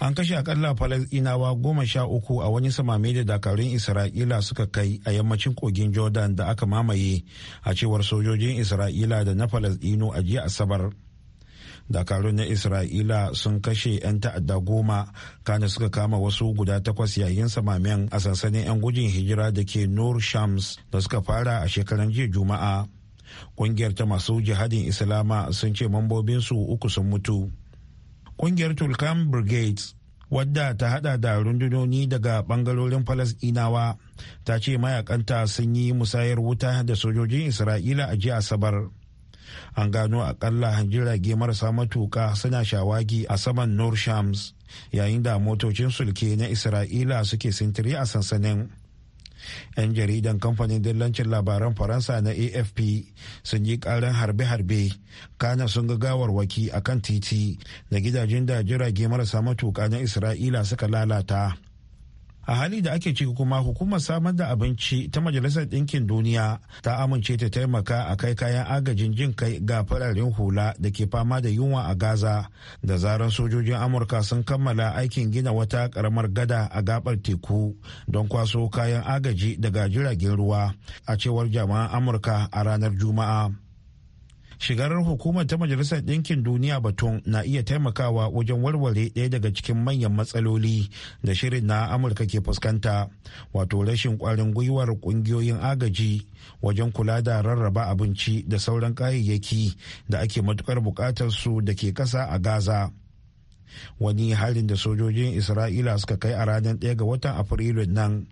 an kashe akalla falasɗinawa goma sha uku a wani samame da dakarun isra'ila suka kai a yammacin kogin jordan da aka mamaye a cewar sojojin isra'ila da na falasɗinu a jiya asabar dakarun na isra'ila sun kashe 'yan ta'adda goma kana suka kama wasu guda takwas yayin samamen a sansanin 'yan gujin hijira da ke nur shams da suka fara a shekaran jiya juma'a kungiyar ta masu jihadin islama sun ce mambobinsu uku sun mutu kungiyar tulkan brigades wadda ta hada da rundunoni daga bangarorin falasdinawa ta ce mayakanta sun yi musayar wuta da sojojin isra'ila a jiya asabar an gano akalla jirage marasa matuka suna shawagi a saman nor shams yayin da motocin sulke na isra'ila suke sintiri a sansanin 'yan jaridan kamfanin dillancin labaran faransa na afp sun yi karin harbe-harbe kana sun ga gawarwaki a kan titi da gidajen da jirage marasa matuka na isra'ila suka lalata a hali da ake ciki kuma hukumar samar da abinci ta majalisar ɗinkin duniya ta amince ta taimaka a kai kayan agajin jin kai ga fararen hula da ke fama da yunwa a gaza da zaran sojojin amurka sun kammala aikin gina wata karamar gada a gabar teku don kwaso kayan agaji daga jiragen ruwa a cewar jama'an amurka a ranar juma'a shigarar hukumar ta majalisar ɗinkin duniya batun na iya taimakawa wajen warware ɗaya daga cikin manyan matsaloli da shirin na amurka ke fuskanta wato rashin ƙwarin gwiwar ƙungiyoyin agaji wajen kula da rarraba abinci da sauran kayayyaki da ake matukar buƙatar su da ke ƙasa a gaza wani harin da sojojin isra'ila suka kai a ranar 1 ga watan afrilu nan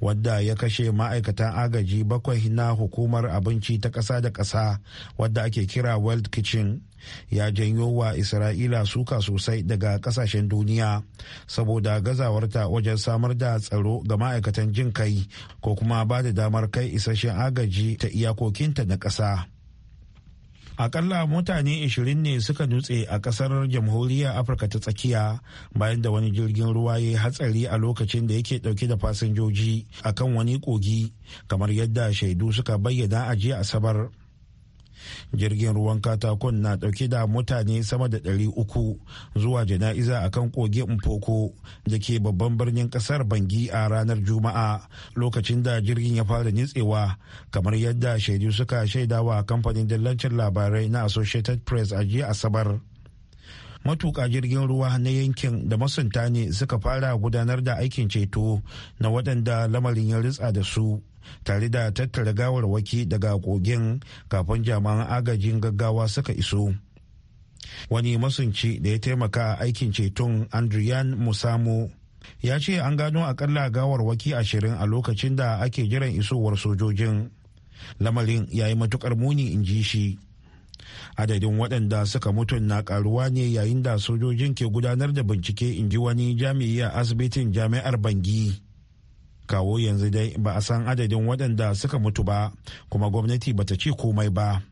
wadda ya kashe ma'aikatan agaji bakwai na hukumar abinci ta ƙasa da ƙasa wadda ake kira world kitchen ya janyo wa isra'ila suka sosai daga kasashen duniya saboda gazawarta wajen samar da tsaro ga ma'aikatan jin kai ko kuma ba da damar kai isasshen agaji ta iyakokinta na ƙasa akalla mutane 20 ne suka nutse a kasar jamhuriyar afirka ta tsakiya bayan da wani jirgin ruwa ya hatsari a lokacin da yake dauke da fasinjoji akan wani kogi kamar yadda shaidu suka bayyana a jiya asabar jirgin ruwan katakon na dauke da mutane sama da ɗari uku zuwa jana'iza a kan koge mpoko da ke babban birnin ƙasar bangi a ranar juma'a lokacin da jirgin ya fara nitsewa kamar yadda shaidu suka shaidawa kamfanin dillancin labarai na associated press a jiya asabar matuƙa jirgin ruwa na yankin da masunta ne suka fara gudanar da aikin ceto na waɗanda lamarin ya ritsa da su tare da tattara gawarwaki daga kogin kafin jami'an agajin gaggawa suka iso wani masunci da ya taimaka a aikin ceton andrian musamo ya ce an gano akalla gawarwaki ashirin a lokacin da ake jiran isowar sojojin lamarin ya yi matukar muni in ji shi adadin waɗanda suka mutu na karuwa ne yayin da sojojin ke gudanar da bincike in ji wani jami'i a asibitin jami'ar bangi kawo yanzu dai ba a san adadin waɗanda suka mutu ba kuma gwamnati bata ce komai ba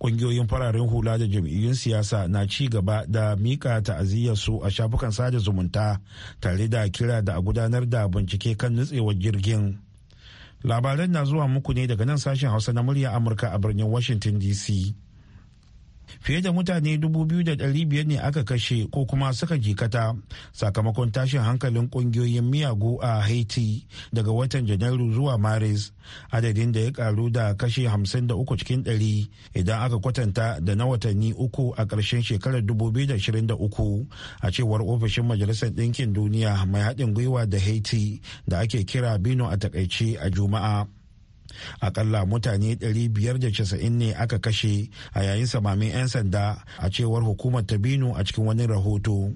ƙungiyoyin fararen hula da jam'iyyun siyasa na ci gaba da mika ta'aziyyarsu a shafukan sada zumunta tare da kira da a gudanar da bincike kan nutsewar jirgin labaran na zuwa muku ne daga nan sashen hausa na murya amurka a birnin washington dc fiye da mutane 2,500 ne aka kashe ko kuma suka jikata sakamakon tashin hankalin kungiyoyin miyagu a haiti daga watan janairu zuwa maris adadin da ya karu da kashe 53 cikin 100 idan aka kwatanta da na watanni uku a ƙarshen shekarar 2023 a cewar ofishin majalisar ɗinkin duniya mai haɗin gwiwa da haiti da ake kira bino a takaice a juma'a akalla mutane 590 ne aka kashe a yayin samamin 'yan sanda a cewar hukumar ta binu a cikin wani rahoto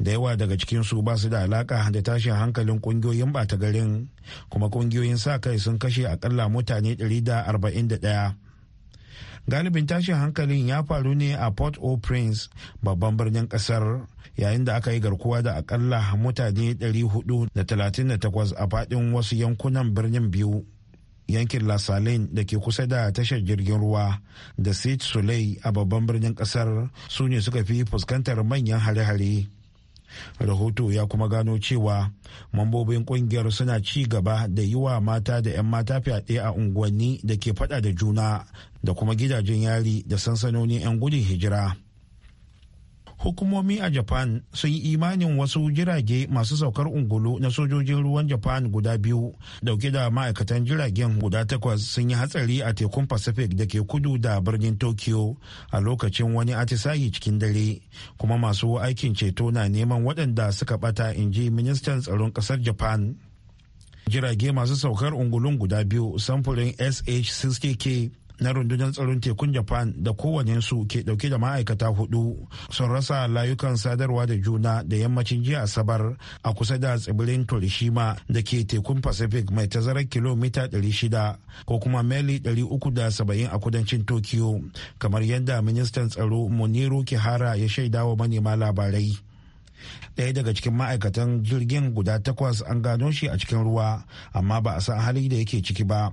da yawa daga cikinsu ba su da alaka da tashin hankalin kungiyoyin bata garin kuma kungiyoyin sa kai sun kashe akalla mutane 141 galibin tashin hankalin ya faru ne a port au prince babban birnin kasar yayin da aka yi garkuwa da akalla mutane 438 a faɗin wasu yankunan birnin biyu yankin lasalin da ke kusa da tashar jirgin ruwa da sit sulai a babban birnin kasar su ne suka fi fuskantar manyan hare-hare rahoto ya kuma gano cewa mambobin kungiyar suna ci gaba da yi wa mata da 'yan mata fyaɗe a unguwanni da ke fada da juna da kuma gidajen yari da sansanonin 'yan gudun hijira hukumomi a japan sun yi imanin wasu jirage masu saukar ungulu na sojojin ruwan japan guda biyu dauke da ma'aikatan jiragen guda takwas sun yi hatsari a tekun pacific da ke kudu da birnin tokyo a lokacin wani atisayi cikin dare kuma masu aikin ceto na neman waɗanda suka bata in ji ministan tsaron ƙasar japan jirage masu saukar ungulun guda biyu samfurin sh 60k na rundunar tsaron tekun japan da kowane su ke dauke da ma'aikata hudu sun rasa layukan sadarwa da juna da yammacin jiya asabar a kusa da tsibirin torishima da ke tekun pacific mai tazarar kilomita 600 ko kuma meli 370 a kudancin tokyo kamar yadda ministan tsaro moniru kihara ya shaidawa manema labarai ɗaya daga cikin ma'aikatan jirgin guda takwas an gano shi a cikin ruwa amma ba a san hali da yake ciki ba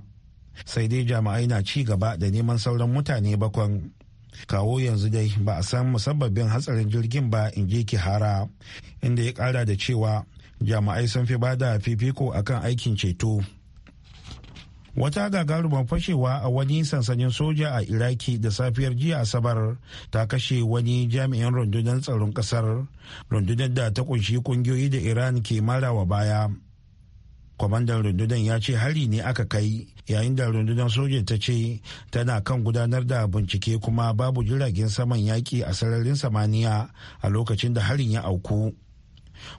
sai dai jama'ai na ci gaba da neman sauran mutane bakwan kawo yanzu dai ba a san musabbabin hatsarin jirgin ba in je ki hara inda ya kara da cewa jama'ai sun fi bada fifiko akan aikin ceto wata gagarumar fashewa a wani sansanin soja a iraki da safiyar jiya asabar ta kashe wani jami'in rundunar tsaron kasar rundunar da ta kunshi kungiyoyi da iran ke marawa baya kwamandan rundunar ya ce hari ne aka kai yayin da rundunar sojin ta ce tana kan gudanar da bincike kuma babu jiragen saman yaƙi a sararin samaniya a lokacin da harin ya auku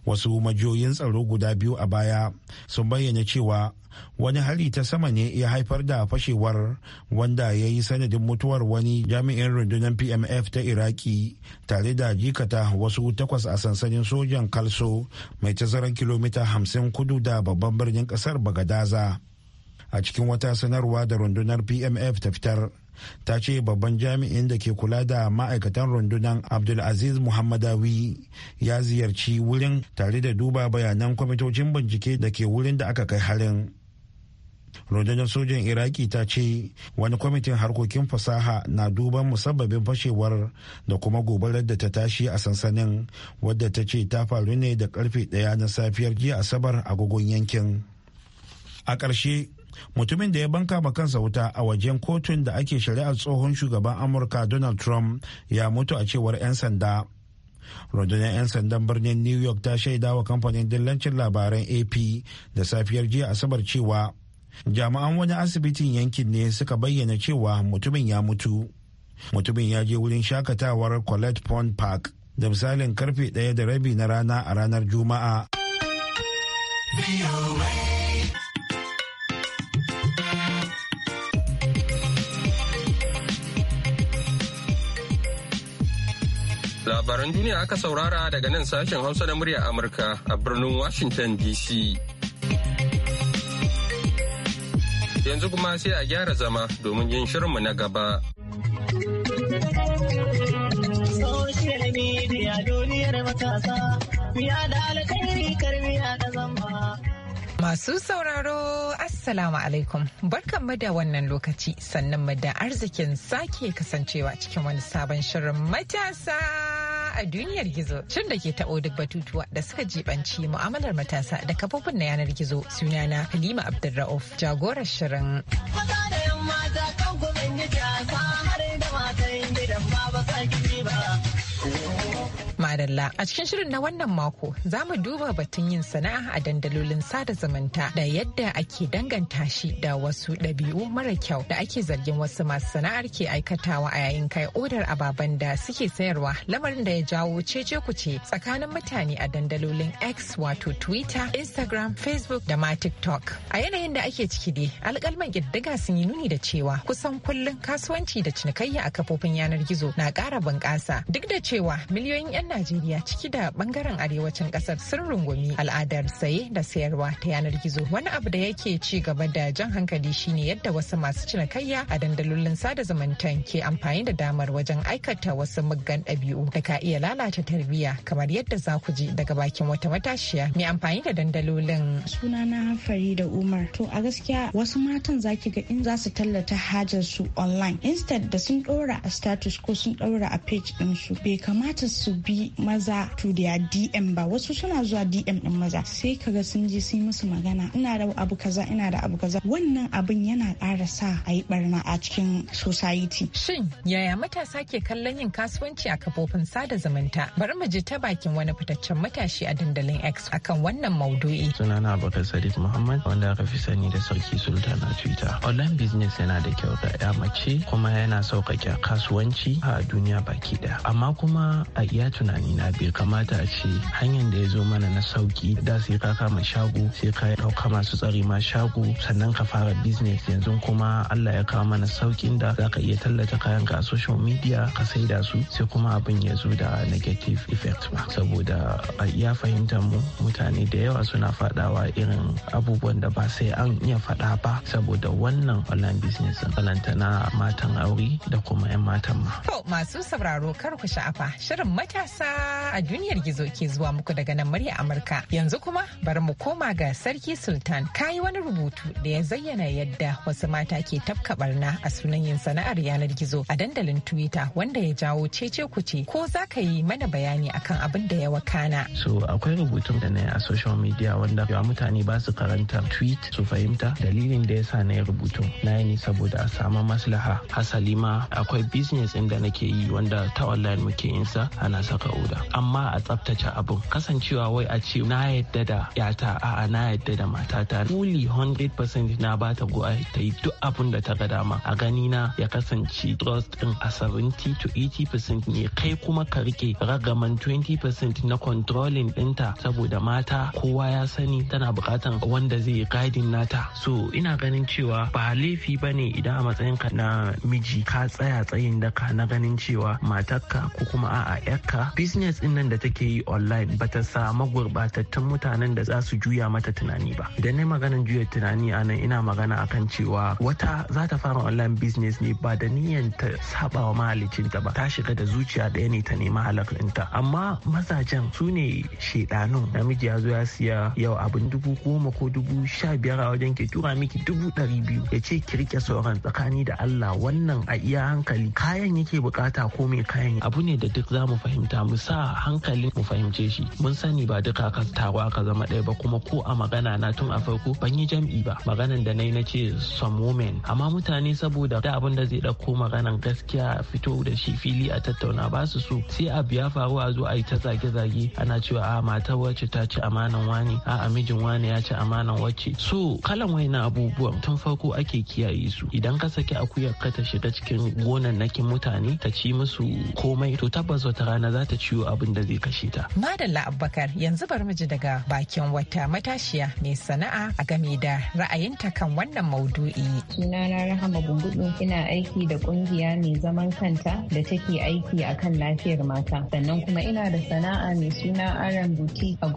wasu majiyoyin tsaro guda biyu a baya sun bayyana cewa wani hali ta sama ne ya haifar da fashewar wanda ya yi sanadin mutuwar wani jami'in rundunar pmf ta iraki tare da jikata wasu takwas a sansanin sojan kalso mai tazarar kilomita hamsin kudu da babban birnin kasar bagadaza a cikin wata sanarwa da rundunar pmf ta fitar ta ce babban jami'in da ke kula da ma'aikatan rundunan abdulaziz muhammadawi ya ziyarci wurin tare da duba bayanan kwamitocin bincike da ke wurin da aka kai harin rundunar sojan iraki ta ce wani kwamitin harkokin fasaha na duban musabbabin fashewar da kuma gobarar da ta tashi a sansanin wadda ta ce ta faru ne da karfe daya na safiyar jiya asabar a agogon yankin a ƙarshe mutumin da ya banka ma kansa wuta a wajen kotun da ake shari'ar tsohon shugaban amurka donald trump ya mutu a cewar 'yan sanda rundunar 'yan sandan birnin new york ta shaida wa kamfanin dillancin labaran ap da safiyar jiya asabar cewa jami'an wani asibitin yankin ne suka bayyana cewa mutumin ya mutu mutumin ya je wurin shakatawar colette pond park da misalin karfe ɗaya da rabi na rana a ranar juma'a. Labaran duniya aka saurara daga nan sashen Hausa na murya Amurka a birnin Washington DC. Yanzu kuma sai a gyara zama domin yin shirinmu na gaba. Social media duniyar matasa, biya da alkhairi karmiya da zama. Masu sauraro Assalamu alaikum barkanmu da wannan lokaci sannan da arzikin sake kasancewa cikin wani sabon shirin matasa a duniyar gizo Shin da ke taɓo duk batutuwa da suka jibanci mu'amalar matasa da kafofin na yanar gizo sunana Halima Abdulra'uf jagorar shirin. madalla. A cikin shirin na wannan mako za mu duba batun yin sana'a a dandalolin sada zumunta da yadda ake danganta shi da wasu ɗabi'u mara kyau da ake zargin wasu masu sana'ar ke aikatawa a yayin kai odar ababen da suke sayarwa lamarin da ya jawo cece kuce tsakanin mutane a dandalolin X wato Twitter, Instagram, Facebook da ma TikTok. A yanayin da ake ciki dai alƙalman ƙiddiga sun yi nuni da cewa kusan kullum kasuwanci da cinikayya a kafofin yanar gizo na ƙara bunƙasa duk da cewa miliyoyin 'yan Najeriya ciki da bangaren arewacin kasar sun rungumi al'adar saye da sayarwa ta yanar gizo wani abu da yake ci gaba da jan hankali shine yadda wasu masu cinikayya a dandalolin sada zumuntan ke amfani da damar wajen aikata wasu muggan ɗabi'u da ka iya lalata tarbiyya kamar yadda za ku ji daga bakin wata matashiya mai amfani da dandalolin. Sunana da Umar. To a gaskiya wasu matan zaki ga in za su tallata hajar su online instead da sun ɗora a status ko sun ɗora a page ɗinsu bai kamata su bi maza to their DM ba wasu suna zuwa DM din maza sai kaga sun je sun musu magana ina da abu kaza ina da abu kaza wannan abin yana ƙara sa a yi barna a cikin society. Shin yaya matasa ke kallon yin kasuwanci a kafofin sada zumunta? Bari mu ji ta bakin wani fitaccen matashi a dandalin X akan wannan maudu'i. Sunana Abubakar Sadiq Muhammad wanda aka fi sani da Sarki Sultan a Twitter. Online business yana da kyau ga ya mace kuma yana sauƙaƙe kasuwanci a duniya baki ɗaya. Amma kuma a iya tunani amfani na bai kamata a ce hanyar da ya zo mana na sauki da sai ka kama shago sai ka ɗauka masu tsari ma shago sannan ka fara business yanzu kuma Allah ya kawo mana saukin da zaka iya tallata kayan ka a social media ka saida su sai kuma abin ya zo da negative effect ba saboda a iya fahimtar mu mutane da yawa suna fadawa irin abubuwan da ba sai an iya fada ba saboda wannan online business balanta na matan aure da kuma 'yan matan ma. to masu sauraro kar ku sha'afa shirin matasa a duniyar gizo ke zuwa muku daga nan murya Amurka. Yanzu kuma bari mu koma ga Sarki Sultan kayi wani rubutu da ya zayyana yadda wasu mata ke tafka barna a sunan yin sana'ar yanar gizo a dandalin Twitter wanda ya jawo cece kuce ko za ka yi mana bayani akan abin da ya wakana. So akwai rubutun da na yi a social media wanda yawa mutane ba su karanta tweet su fahimta dalilin da ya sa na yi rubutun. Na yi ne saboda a samu maslaha. Hasali ma akwai business inda da nake yi wanda ta online muke yin sa ana saka amma a tsabtace abun kasancewa wai a ce na yadda da yata a na yadda da matata fully 100% na ba ta go'a ta yi duk abun da ta ga dama a gani na ya kasance trust din a 70 to 80% ne kai kuma ka rike ragaman 20% na controlling dinta saboda mata kowa ya sani tana bukatan wanda zai yi guiding nata so ina ganin cewa ba laifi ba ne idan a matsayin ka na miji ka tsaya tsayin daka na ganin cewa matarka ko kuma a'a yarka business din nan da take yi online ba ta samu gurbatattun mutanen da za su juya mata tunani ba idan ne maganan juya tunani a nan ina magana akan cewa wata za ta fara online business ne ba da niyyar ta saba wa ta ba ta shiga da zuciya ɗaya ne ta nema halakinta amma mazajen su ne shedanun namiji ya zo ya siya yau abin dubu goma ko dubu sha biyar a wajen ke tura miki dubu ɗari biyu ya ce ki rike sauran tsakani da Allah wannan a iya hankali kayan yake bukata ko mai kayan abu ne da duk zamu fahimta musu. sa hankali mu fahimce shi mun sani ba duka ka tawa ka zama ɗaya ba kuma ko a magana na tun a farko ban yi jam'i ba maganan da nayi na ce some women amma mutane saboda da abin da zai ɗauko maganan gaskiya fito da shi fili a tattauna ba su so sai abu ya faru a zo a yi ta zage-zage ana cewa a ah, matar wacce ta ci amanan wani a mijin wani ya ci amanan wacce so kalan na abubuwan tun farko ake kiyaye su idan ka saki akuyar ka ta shiga cikin gonannakin mutane ta ci musu komai to tabbas wata rana za ta ciwo abin da zai kashe ta. Madalla Abubakar yanzu bar miji daga bakin wata matashiya mai sana'a a game da ra'ayinta kan wannan maudu'i. Sunana Rahama Gungudu ina aiki da kungiya mai zaman kanta da take aiki akan lafiyar mata. Sannan kuma ina da sana'a mai suna Aran Buki a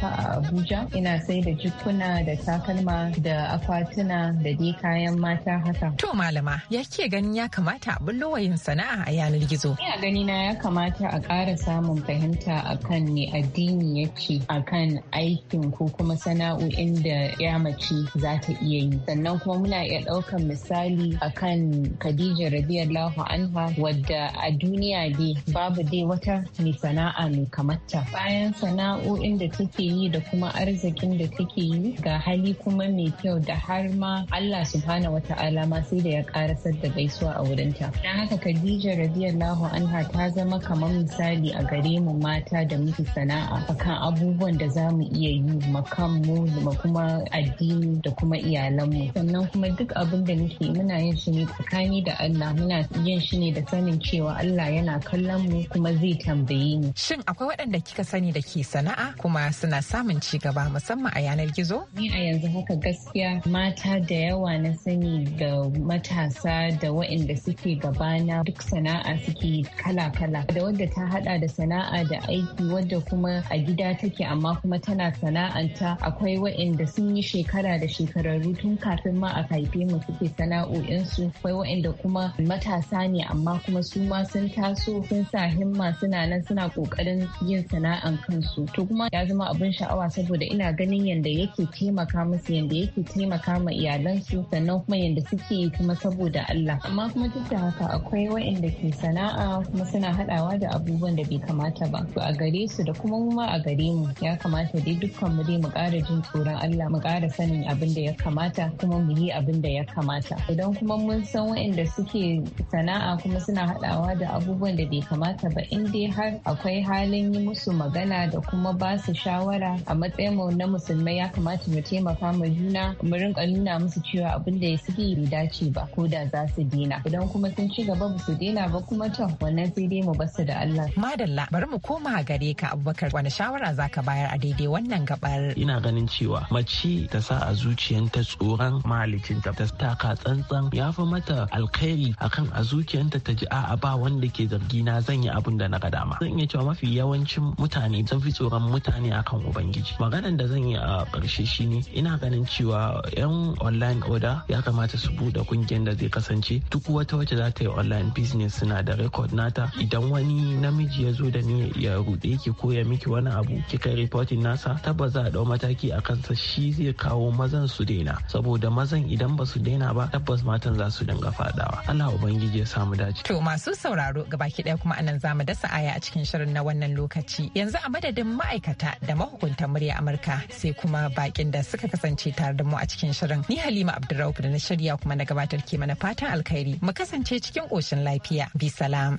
ta a Abuja. Ina sai da jikuna da takalma da akwatuna da dai kayan mata haka. To malama ya ke ganin ya kamata a bullo sana'a a yanar gizo. Ina gani na ya kamata a ƙarasa samun fahimta akan ne addini yake akan aikin ko kuma sana'o'in da ya mace za ta iya yi sannan kuma muna iya ɗaukan misali akan khadija Lahu anha wadda a duniya dai babu dai wata mai sana'a mai kamata bayan sana'o'in da take yi da kuma arzikin da take yi ga hali kuma mai kyau da har ma Allah wa wata'ala ma sai da ya karasar da gaisuwa a wurinta don haka khadija radiyallahu anha ta zama kamar misali a gare mu mata da muke sana'a akan abubuwan da za mu iya yi makanmu da kuma addini da kuma iyalanmu sannan kuma duk abin da muke muna yin shi ne tsakani da Allah muna yin shi ne da sanin cewa Allah yana kallon mu kuma zai tambaye ni. shin akwai waɗanda kika sani da ke sana'a kuma suna samun ci gaba musamman a yanar gizo ni a yanzu haka gaskiya mata da yawa na sani da matasa da waɗanda suke gabana duk sana'a suke kala-kala da wanda ta hada da sana'a da aiki wadda kuma a gida take amma kuma tana sana'anta akwai wa'inda sun yi shekara da shekararru tun kafin ma a haife mu suke sana'o'insu akwai wa'inda kuma matasa ne amma kuma su ma sun taso sun sa himma suna nan suna kokarin yin sana'an kansu to kuma ya zama abin sha'awa saboda ina ganin yadda yake taimaka musu yadda yake taimaka ma iyalansu sannan kuma yadda suke yi kuma saboda Allah amma kuma duk da haka akwai wa'inda ke sana'a kuma suna haɗawa da abubuwan da bai kamata ba to a gare su da kuma ma a gare mu ya kamata dai dukkan mu dai mu ƙara jin tsoron Allah mu ƙara sanin abin da ya kamata kuma mu yi abin da ya kamata idan kuma mun san waɗanda suke sana'a kuma suna haɗawa da abubuwan da bai kamata ba in dai har akwai halin yi musu magana da kuma ba su shawara a matsayin mu na musulmai ya kamata mu taimaka ma juna mu rinka nuna musu cewa abin da suke bai dace ba ko da za su dina idan kuma sun ci gaba ba su dina ba kuma to wannan sai dai mu basu da Allah madalla Allah bari mu koma gare ka Abubakar wani shawara zaka bayar a daidai wannan gabar. Ina ganin cewa mace ta sa a zuciyanta tsoron mahalicinta ta taka tsantsan ya fi mata alkhairi akan a zuciyanta ta ji a'a ba wanda ke zargi na zan yi abin da na ga dama. Zan iya cewa mafi yawancin mutane sun fi tsoron mutane akan ubangiji. Maganan da zan yi a karshe shine ina ganin cewa 'yan online order ya kamata su buɗe kungiyar da zai kasance duk wata wacce za ta yi online business suna da record nata idan wani namiji ya zo fito da ni ya rude yake koya miki wani abu ki kai reporting nasa tabbas za a dau mataki a kansa shi zai kawo mazan su daina saboda mazan idan ba su daina ba tabbas matan za su dinga fadawa Allah ubangiji ya samu dace to masu sauraro gabaki daya kuma anan zamu dasa aya a cikin shirin na wannan lokaci yanzu a madadin ma'aikata da mahukuntan murya Amurka sai kuma bakin da suka kasance tare da mu a cikin shirin ni Halima Abdurrauf da na shirya kuma na gabatar ke mana fatan alkhairi mu kasance cikin koshin lafiya bi salam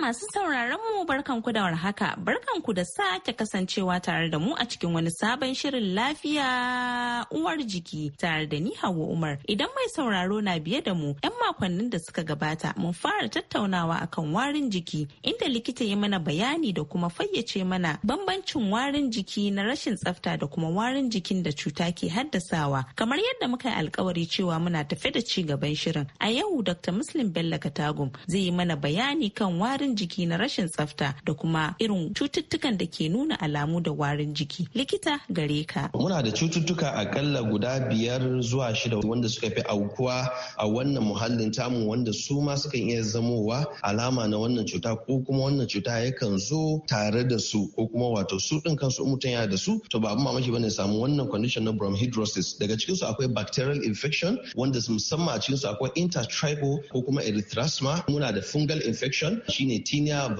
masu sauraron mu barkanku da warhaka barkanku da sake kasancewa tare da mu a cikin wani sabon shirin lafiya uwar jiki tare da ni Hauwa Umar. Idan mai sauraro na biye da mu 'yan makonnin da suka gabata mun fara tattaunawa akan warin jiki inda likita ya mana bayani da kuma fayyace mana bambancin warin jiki na rashin tsafta da kuma warin jikin da cuta ke haddasawa kamar yadda muka yi alkawari cewa muna tafe da ci gaban shirin a yau Dr. Muslim Bello Katagum zai yi mana bayani kan warin warin jiki na rashin tsafta da kuma irin cututtukan da ke nuna alamu da warin jiki. Likita gare ka. Muna da cututtuka akalla guda biyar zuwa shida wanda suka fi aukuwa a wannan muhallin tamu wanda su ma sukan iya zamowa alama na wannan cuta ko kuma wannan cuta yakan zo tare da su ko kuma wato su din kansu mutum yana da su to ba mamaki bane samu wannan condition na bronchidrosis daga cikin su akwai bacterial infection wanda musamman a cikin su akwai intertribal ko kuma erythrasma muna da fungal infection shine tinea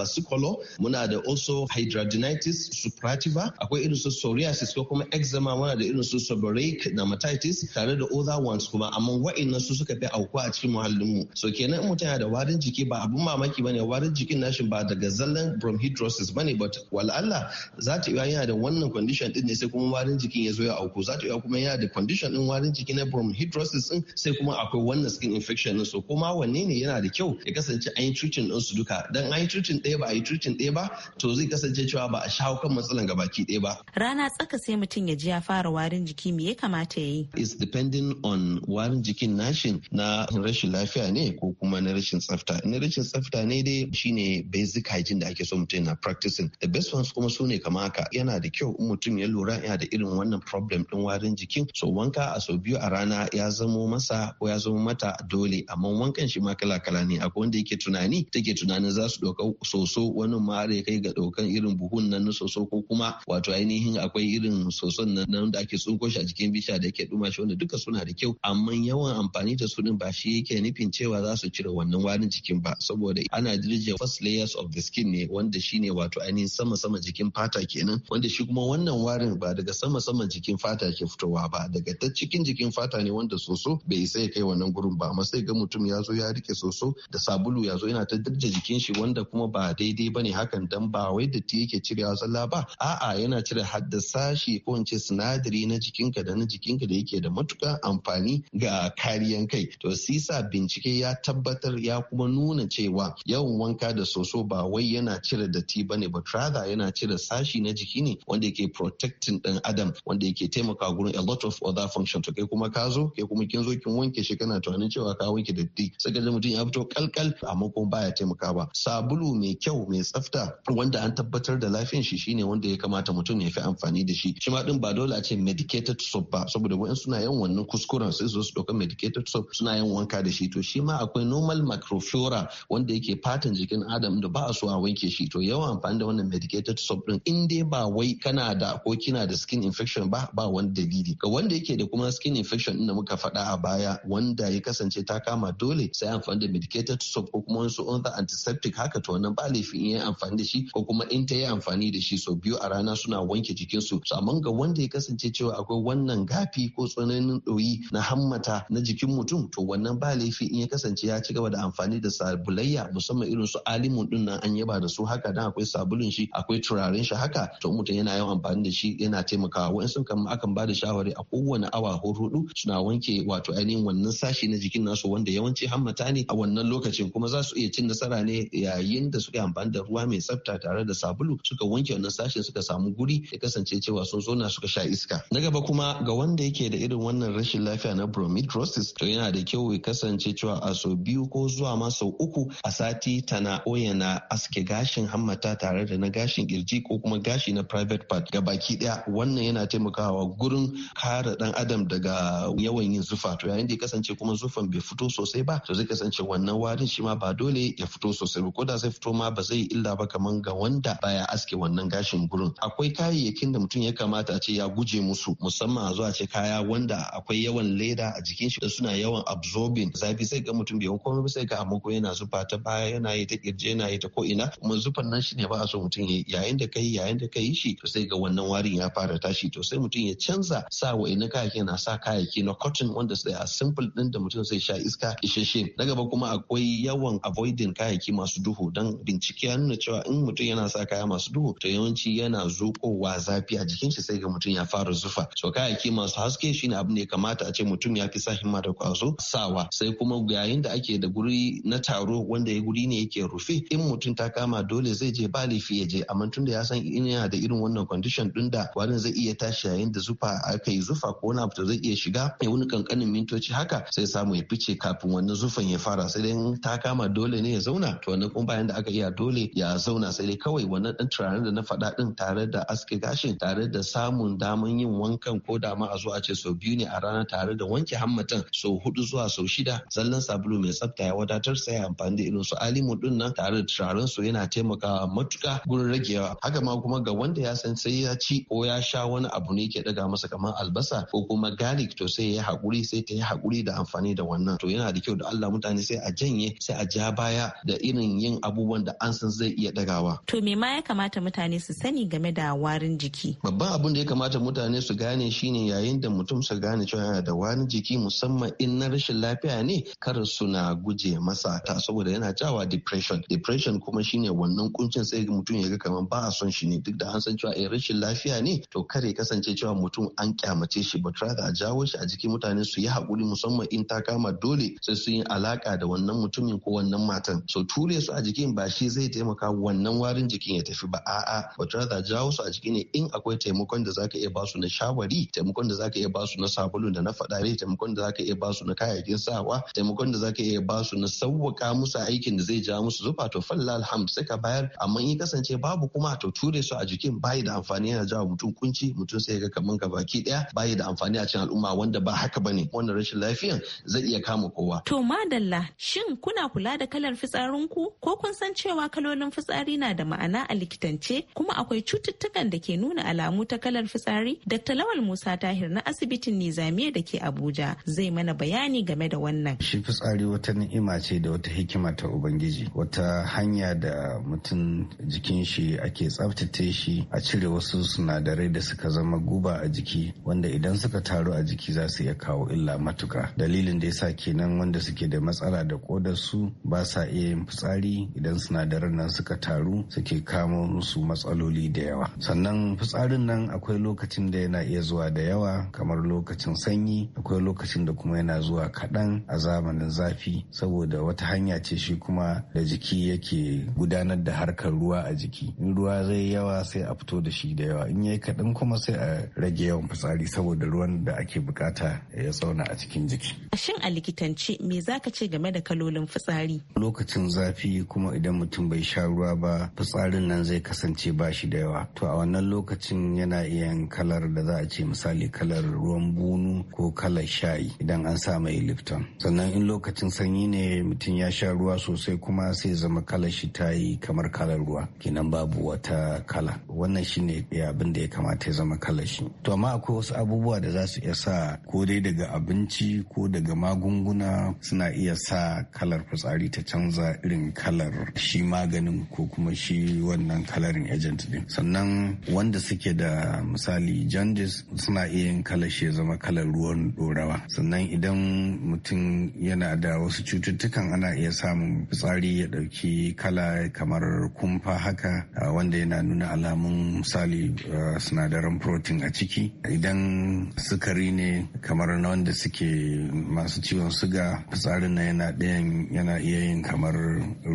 muna da also hidradenitis suppurativa akwai irin su psoriasis ko kuma eczema muna da irin su seborrheic dermatitis tare da other ones kuma amma wa'annan su suka fi auku a cikin muhallin mu so kenan mutum yana da warin jiki ba abun mamaki bane warin jikin nashin ba daga zallan bronchidrosis bane but wal Allah za ta iya yana da wannan condition din ne sai kuma warin jikin ya zo ya auku za ta iya kuma yana da condition din warin jiki na bronchidrosis din sai kuma akwai wannan skin infection din so kuma wanne ne yana da kyau ya kasance an yi treating din su duka dan idan an yi cucin ɗaya ba a yi treating ɗaya ba to zai kasance cewa ba a shawo kan matsalan baki ɗaya ba rana tsaka sai mutum ya ji ya fara warin jiki me ya kamata ya yi is depending on warin jikin nashin na rashin lafiya ne ko kuma na rashin tsafta na rashin tsafta ne dai shine basic hygiene da ake so mutum na practicing the best ones kuma su ne kama haka yana da kyau in mutum ya lura yana da irin wannan problem din warin jikin so wanka a sau biyu a rana ya zamo masa ko ya zamo mata dole amma wankan shi ma kala kala ne akwai wanda yake tunani take tunanin za su ɗauka soso wani ma har ya kai ga ɗaukan irin buhun nan na soso ko kuma wato ainihin akwai irin soson nan da ake tsoko shi a jikin bisha da yake duma shi wanda duka suna da kyau amma yawan amfani da su din ba shi yake nufin cewa za su cire wannan warin jikin ba saboda ana dirje first layers of the skin ne wanda shine wato ainihin sama sama jikin fata kenan wanda shi kuma wannan warin ba daga sama sama jikin fata ke fitowa ba daga ta cikin jikin fata ne wanda soso bai isa ya kai wannan gurin ba amma sai ga mutum ya zo ya rike soso da sabulu ya zo yana ta dirje jikin shi wanda kuma ba daidai ba ne hakan dan ba wai datti yake a tsalla ba a'a yana cire hadda shi ko in ce sinadari na jikinka da na jikinka da yake da matuƙar amfani ga kariyan kai to sisa bincike ya tabbatar ya kuma nuna cewa yawan wanka da soso ba wai yana cire datti ba ne but rather yana cire sashi na jiki ne wanda yake protectin dan adam wanda yake taimaka gurin a lot of other function to kai kuma ka zo kai kuma kin zo kin wanke shi kana tunanin cewa ka wanke datti sai ka mutum ya fito kalkal amma kuma baya taimaka ba sa sabulu mai kyau mai tsafta wanda an tabbatar da lafiyan shi shine wanda ya kamata mutum ya fi amfani da shi shi ma din ba dole a ce medicated soap ba saboda wa'in suna yin wannan kuskuren sai su dauka medicated soap suna yin wanka da shi to shi ma akwai normal microflora wanda yake fatan jikin adam da ba a so a wanke shi to yawan amfani da wannan medicated soap din in dai ba wai kana da ko kina da skin infection ba ba wani dalili ga wanda yake da kuma skin infection din da muka faɗa a baya wanda ya kasance ta kama dole sai amfani da medicated soap ko kuma wasu other antiseptic haka to wannan ba laifi in yi amfani da shi ko kuma in ta yi amfani da shi sau biyu a rana suna wanke jikinsu su amma ga wanda ya kasance cewa akwai wannan gafi ko tsananin ɗoyi na hammata na jikin mutum to wannan ba laifi in ya kasance ya ci gaba da amfani da sabulayya musamman irin su alimun din nan an yaba da su haka dan akwai sabulun shi akwai turaren shi haka to mutum yana yawan amfani da shi yana taimakawa sun kan akan ba da shawari a kowane awa hudu suna wanke wato ainihin wannan sashi na jikin nasu wanda yawanci hammata ne a wannan lokacin kuma za su iya cin nasara ne ya yayin da suka yi amfani da ruwa mai tsafta tare da sabulu suka wanke wannan sashen suka samu guri ya kasance cewa sun na suka sha iska na gaba kuma ga wanda yake da irin wannan rashin lafiya na bromidrosis to yana da kyau ya kasance cewa a sau biyu ko zuwa ma sau uku a sati tana oyana aske gashin hammata tare da na gashin kirji ko kuma gashi na private part ga baki daya wannan yana taimakawa gurin kare dan adam daga yawan yin zufa to yayin da ya kasance kuma zufan bai fito sosai ba to zai kasance wannan warin shi ma ba dole ya fito sosai ba koda zai fito ma ba zai illa ba kaman ga wanda baya aske wannan gashin gurin akwai kayayyakin da mutum ya kamata a ce ya guje musu musamman a zuwa ce kaya wanda akwai yawan leda a jikin shi da suna yawan absorbing zafi sai ga mutum bai komai ba sai ga ko yana zufa ta baya yana yi ta kirje yana yi ta ko ina kuma zufan nan shine ba a so mutum ya yayin da kai yayin da kai shi to sai ga wannan warin ya fara tashi to sai mutum ya canza sa wa'ina kayayyaki na sa kayayyaki na cotton wanda sai a simple din da mutum zai sha iska isheshe na gaba kuma akwai yawan avoiding kayayyaki masu duhu don bincike ya nuna cewa in mutum yana sa kaya masu duhu to yawanci yana zuƙowa zafi a jikin shi sai ga mutum ya fara zufa so kayayyaki masu haske shine abin da ya kamata a ce mutum ya fi sa himma da kwazo sawa sai kuma yayin da ake da guri na taro wanda ya guri ne yake rufe in mutum ta kama dole zai je ba laifi ya je amma tun da ya san in yana da irin wannan condition din da warin zai iya tashi yayin da zufa aka yi zufa ko wani abu da zai iya shiga ya wani kankanin mintoci haka sai samu ya fice kafin wannan zufan ya fara sai dai ta kama dole ne ya zauna to wannan kuma bayan da aka iya dole ya zauna sai dai kawai wannan dan turaren da na faɗa din tare da aske gashin tare da samun daman yin wankan ko da ma a zo a ce sau biyu ne a rana tare da wanke hammatan sau hudu zuwa sau shida zallan sabulu mai tsafta ya wadatar sai amfani da irin su alimu din nan tare da turaren su yana taimakawa matuka gurin ragewa haka ma kuma ga wanda ya san sai ya ci ko ya sha wani abu ne ke daga masa kamar albasa ko kuma garlic to sai ya hakuri sai ta yi hakuri da amfani da wannan to yana da kyau da Allah mutane sai a janye sai a ja baya da irin yin abubuwan da an san zai iya dagawa. To me ma ya kamata mutane su sani game da warin jiki? Babban abin da ya kamata mutane su gane shine yayin da mutum su gane cewa yana da warin jiki musamman in na rashin lafiya ne kar na guje masa ta saboda yana jawa depression. Depression kuma shine wannan kuncin sai mutum ya ga kamar ba a son shi ne duk da an san cewa eh, rashin lafiya ne to kar ya kasance cewa mutum an kyamace shi ba tare da a jawo shi a jikin mutane su yi haƙuri musamman in ta kama dole sai su yi alaka da wannan mutumin ko wannan matan. So ture su a jikin ba shi zai taimaka wannan warin jikin ya tafi ba a'a wato za jawo su a jiki ne in akwai taimakon da zaka iya basu na shawari taimakon da zaka iya basu na sabulu da na faɗa ne taimakon da zaka iya basu na kayayyakin sawa taimakon da zaka iya basu na sauwaka musu aikin da zai ja musu zufa to falla alham sai ka bayar amma in kasance babu kuma to ture su a jikin bayi da amfani yana jawo mutum kunci mutum sai ga kaman ka baki daya bayi da amfani a cikin al'umma wanda ba haka bane wannan rashin lafiyan zai iya kama kowa to madalla shin kuna kula da kalar fitsarinku ku ko kun san cewa kalolin fitsari na da ma'ana a likitance kuma akwai cututtukan da ke nuna alamu ta kalar fitsari dr lawal musa tahir na asibitin nizamiya da ke abuja zai mana bayani game da wannan shi fitsari wata ni'ima ce da wata hikima ta ubangiji wata hanya da mutum jikin shi ake tsaftace shi a cire wasu sinadarai da suka zama guba a jiki wanda idan suka taru a jiki za su iya kawo illa matuka dalilin da yasa kenan wanda suke da matsala da kodar ba sa iya yin fitsari idan sinadaran nan suka taru suke kamo musu matsaloli da yawa sannan fitsarin nan akwai lokacin da yana iya zuwa da yawa kamar lokacin sanyi akwai lokacin da kuma yana zuwa kaɗan a zamanin zafi saboda wata hanya ce shi kuma da jiki yake gudanar da harkar ruwa a jiki in ruwa zai yawa sai a fito da shi da yawa in yayi kaɗan kuma sai a rage yawan fitsari saboda ruwan da ake bukata ya tsauna a cikin jiki shin a likitance me zaka ce game da kalolin fitsari lokacin zafi kuma idan mutum bai sha ruwa ba fitsarin nan zai kasance ba shi da yawa to a wannan lokacin yana iya kalar da za a ce misali kalar ruwan bunu ko kalar shayi idan an sa mai lifton sannan in lokacin sanyi ne mutum ya sha ruwa sosai kuma sai zama kalar shi ta yi kamar kalar ruwa kenan babu wata kala wannan shine abin da ya kamata ya zama kalar shi to amma akwai wasu abubuwa da za su iya sa ko dai daga abinci ko daga magunguna suna iya sa kalar fitsari ta canza irin kala. kalar shi maganin ko kuma shi wannan kalarin agent din sannan wanda suke da misali jaundice suna iya yin kalar shi ya zama kalar ruwan dorawa sannan idan mutum yana da wasu cututtukan ana iya samun fitsari ya ɗauki kala kamar kumfa haka wanda yana nuna alamun misali sinadaran protein a ciki idan sukari ne kamar na wanda suke masu ciwon suga fitsarin na yana ɗayan yana iya yin kamar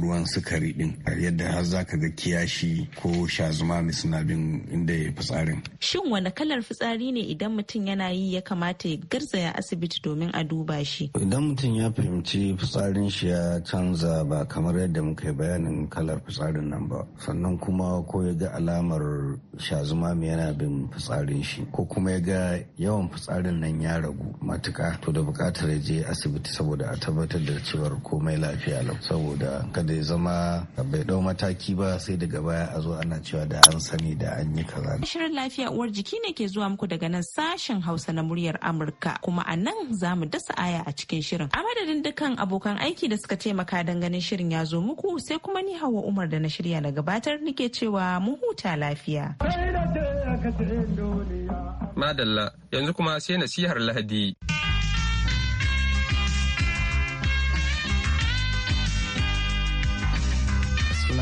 ruwan sukari din yadda har za ka ga kiyashi ko shazumami suna bin inda ya fitsarin. Shin wani kalar fitsari ne idan mutum yana yi ya kamata ya garzaya asibiti domin a duba shi? Idan mutum ya fahimci fitsarin shi ya canza ba kamar yadda muka yi bayanin kalar fitsarin nan ba. Sannan kuma ko ya ga alamar shazumami yana bin fitsarin shi ko kuma ya ga yawan fitsarin nan ya ragu matuka to da bukatar ya je asibiti saboda a tabbatar da cewar komai lafiya lau saboda kada bai zama bai dau mataki ba sai daga baya a zo ana cewa da an sani da an yi kaza. Shirin lafiya uwar jiki ne ke zuwa muku daga nan sashen Hausa na muryar Amurka kuma a nan za mu dasa aya a cikin shirin. A madadin dukkan abokan aiki da suka taimaka don ganin shirin ya zo muku sai kuma ni Hawa Umar da na shirya na gabatar nike cewa mu huta lafiya. Madalla yanzu kuma sai nasihar Lahadi.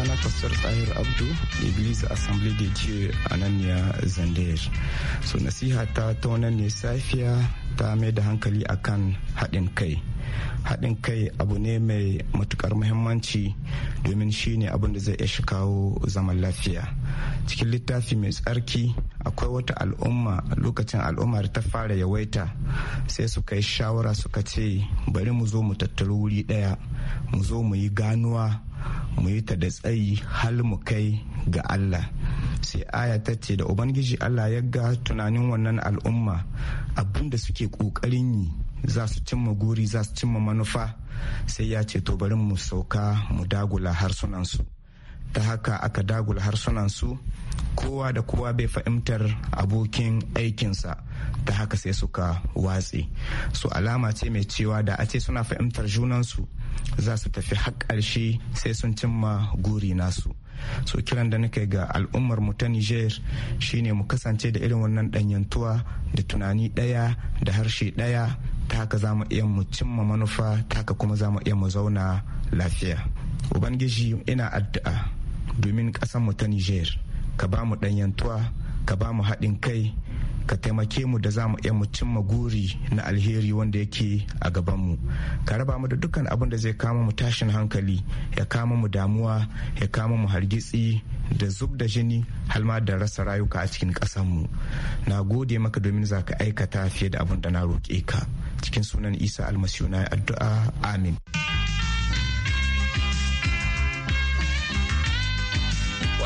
sunana pastor tahir abdu iblis assembly da ke a nan ne so nasiha ta taunan ne safiya ta mai da hankali akan haɗin kai haɗin kai abu ne mai matukar muhimmanci domin shi ne abin da zai iya shi kawo zaman lafiya cikin littafi mai tsarki akwai wata al'umma lokacin al'ummar ta fara yawaita sai suka yi shawara suka ce bari mu zo mu tattaru wuri ɗaya mu zo mu yi ganuwa mu yi ta da tsayi hal mu kai ga Allah sai aya ta ce da ubangiji Allah ya ga tunanin wannan al'umma abin da suke kokarin yi za su cimma guri za su cimma manufa sai ya ce to bari mu sauka mu dagula harsunansu ta haka aka dagula harsunansu kowa da kowa bai fahimtar abokin aikinsa ta haka sai suka watse su alama ce mai cewa da a ce suna fahimtar junansu za su tafi har sai sun cimma guri nasu so kiran da nake ga al'ummar mu ta niger shine mu kasance da irin wannan ɗanyantuwa da tunani ɗaya da harshe ɗaya ta haka za mu iya mu cimma manufa ta haka kuma za mu iya mu zauna lafiya ubangiji ina addu'a domin mu ta niger ka ba mu ɗanyantuwa ka ba mu haɗin kai ka taimake mu da za mu iya mu cimma guri na alheri wanda yake a gaban mu. ka raba mu da dukkan abin da zai kama mu tashin hankali ya kama mu damuwa ya kama mu hargitsi da zub da jini halma da rasa rayuka a cikin mu na gode maka domin za ka aikata fiye da abin da na roƙe ka cikin sunan isa almasiyu na addu'a amin.